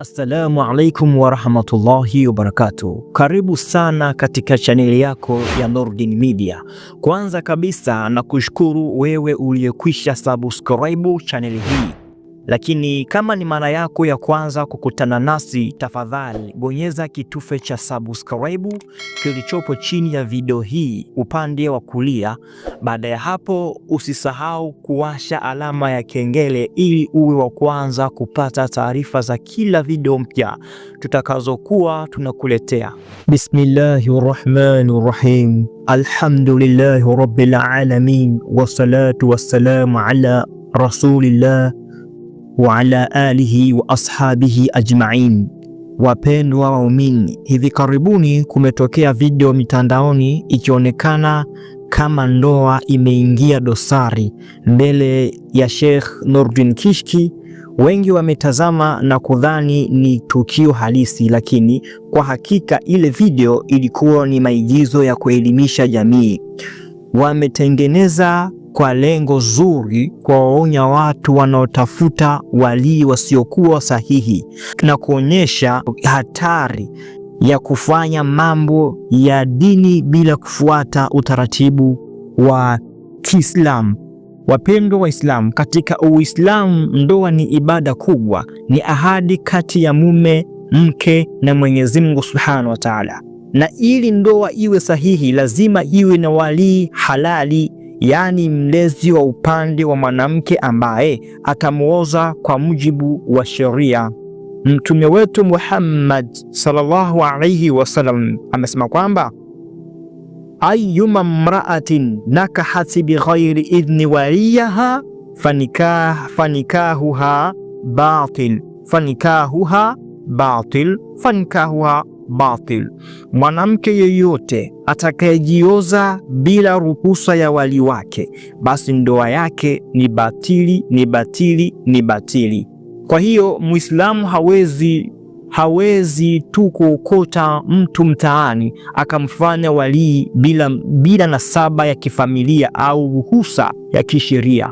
Assalamu alaikum warahmatullahi wabarakatuh. Karibu sana katika chaneli yako ya Nurdin Media. Kwanza kabisa na kushukuru wewe uliyekwisha subscribe chaneli hii lakini kama ni mara yako ya kwanza kukutana nasi, tafadhali bonyeza kitufe cha subscribe kilichopo chini ya video hii upande wa kulia. Baada ya hapo, usisahau kuwasha alama ya kengele ili uwe wa kwanza kupata taarifa za kila video mpya tutakazokuwa tunakuletea. Bismillahi rahmani rahim, alhamdulillahi rabbil alamin, wassalatu wassalamu ala rasulillah wa ala alihi wa ashabihi ajma'in. Wapendwa waumini, hivi karibuni kumetokea video mitandaoni ikionekana kama ndoa imeingia dosari mbele ya Sheikh Nurdin Kishki. Wengi wametazama na kudhani ni tukio halisi, lakini kwa hakika ile video ilikuwa ni maigizo ya kuelimisha jamii. Wametengeneza kwa lengo zuri, kuwaonya watu wanaotafuta walii wasiokuwa sahihi na kuonyesha hatari ya kufanya mambo ya dini bila kufuata utaratibu wa Kiislamu. Wapendwa Waislamu, katika Uislamu ndoa ni ibada kubwa, ni ahadi kati ya mume mke na Mwenyezi Mungu Subhanahu wa Ta'ala, na ili ndoa iwe sahihi lazima iwe na walii halali yaani mlezi wa upande wa mwanamke ambaye atamuoza kwa mujibu wa sheria. Mtume wetu Muhammad sallallahu alayhi wasallam amesema kwamba ayuma mraatin nakahati bighairi idhni waliyaha fanikah, fanikahuha batil fanikahuha batil fanikahuha batil. Mwanamke yeyote atakayejioza bila ruhusa ya wali wake, basi ndoa yake ni batili, ni batili, ni batili. Kwa hiyo Muislamu hawezi hawezi tu kuokota mtu mtaani akamfanya walii bila, bila nasaba ya kifamilia au ruhusa ya kisheria.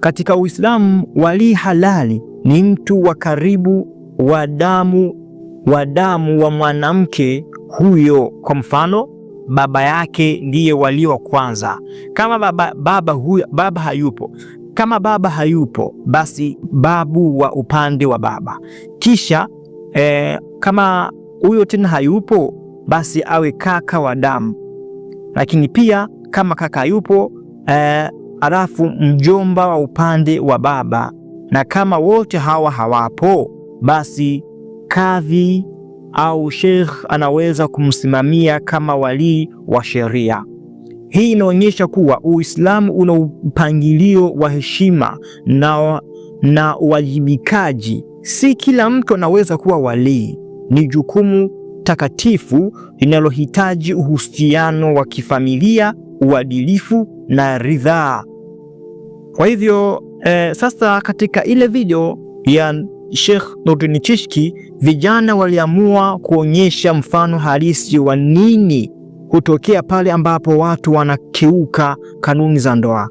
Katika Uislamu walii halali ni mtu wa karibu wa damu wa damu wa mwanamke huyo. Kwa mfano, baba yake ndiye walio wa kwanza. Kama baba, baba, huyo, baba hayupo kama baba hayupo basi babu wa upande wa baba. Kisha eh, kama huyo tena hayupo basi awe kaka wa damu. Lakini pia kama kaka hayupo eh, alafu mjomba wa upande wa baba, na kama wote hawa hawapo basi kadhi au sheikh anaweza kumsimamia kama walii wa sheria. Hii inaonyesha kuwa Uislamu una mpangilio wa heshima na na uwajibikaji. Si kila mtu anaweza kuwa walii. Ni jukumu takatifu linalohitaji uhusiano wa kifamilia, uadilifu na ridhaa. Kwa hivyo eh, sasa katika ile video ya Sheikh Nurdin Chishki, vijana waliamua kuonyesha mfano halisi wa nini hutokea pale ambapo watu wanakiuka kanuni za ndoa.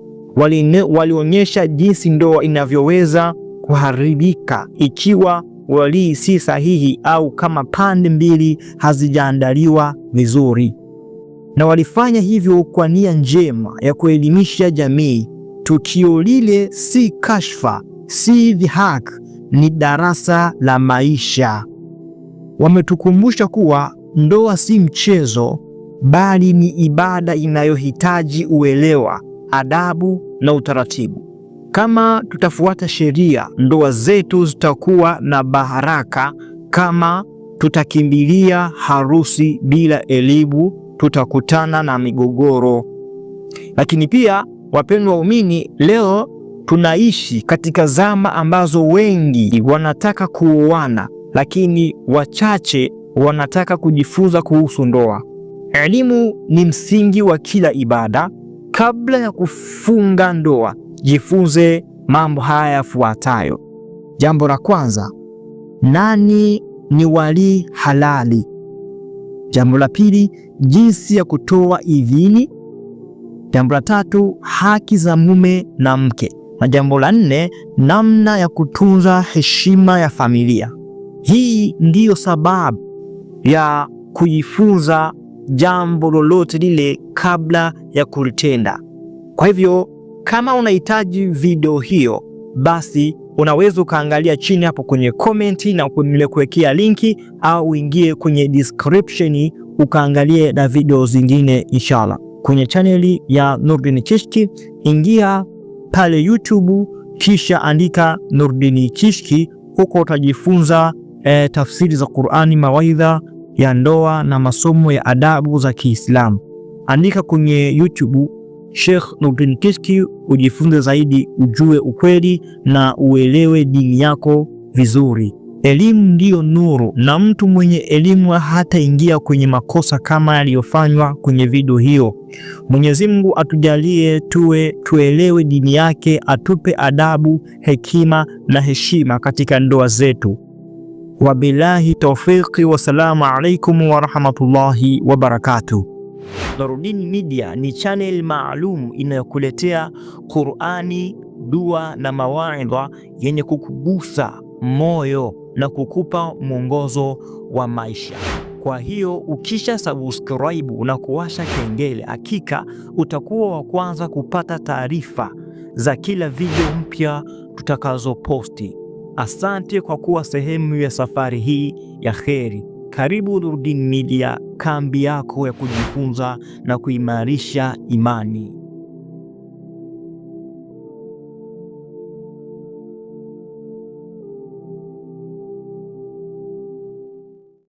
Walionyesha wali jinsi ndoa inavyoweza kuharibika ikiwa walii si sahihi au kama pande mbili hazijaandaliwa vizuri, na walifanya hivyo kwa nia njema ya kuelimisha jamii. Tukio lile si kashfa, si dhihaka ni darasa la maisha. Wametukumbusha kuwa ndoa si mchezo, bali ni ibada inayohitaji uelewa, adabu na utaratibu. Kama tutafuata sheria, ndoa zetu zitakuwa na baraka. Kama tutakimbilia harusi bila elimu, tutakutana na migogoro. Lakini pia, wapendwa waumini, leo tunaishi katika zama ambazo wengi wanataka kuoana, lakini wachache wanataka kujifunza kuhusu ndoa. Elimu ni msingi wa kila ibada. Kabla ya kufunga ndoa, jifunze mambo haya yafuatayo. Jambo la kwanza, nani ni wali halali? Jambo la pili, jinsi ya kutoa idhini. Jambo la tatu, haki za mume na mke. Na jambo la nne, namna ya kutunza heshima ya familia. Hii ndiyo sababu ya kujifunza jambo lolote lile kabla ya kulitenda. Kwa hivyo kama unahitaji video hiyo, basi unaweza ukaangalia chini hapo kwenye komenti na kuwekea linki, au uingie kwenye description ukaangalie na video zingine inshallah. Kwenye chaneli ya Nurdin Chishti ingia pale YouTube, kisha andika Nurdin Kishki. Huko utajifunza e, tafsiri za Qur'ani, mawaidha ya ndoa na masomo ya adabu za Kiislamu. Andika kwenye YouTube Sheikh Nurdin Kishki ujifunze zaidi, ujue ukweli na uelewe dini yako vizuri. Elimu ndiyo nuru, na mtu mwenye elimu hataingia kwenye makosa kama yaliyofanywa kwenye video hiyo. Mwenyezi Mungu atujalie tuwe tuelewe dini yake, atupe adabu, hekima na heshima katika ndoa zetu. Wabillahi tawfiki, wassalamu alaikum warahmatullahi wabarakatuh. Nurdin Media ni channel maalum inayokuletea Qurani, dua na mawaidha yenye kukugusa moyo na kukupa mwongozo wa maisha. Kwa hiyo ukisha subscribe na kuwasha kengele, hakika utakuwa wa kwanza kupata taarifa za kila video mpya tutakazoposti. Asante kwa kuwa sehemu ya safari hii ya kheri. Karibu Nurdin Media, kambi yako ya kujifunza na kuimarisha imani.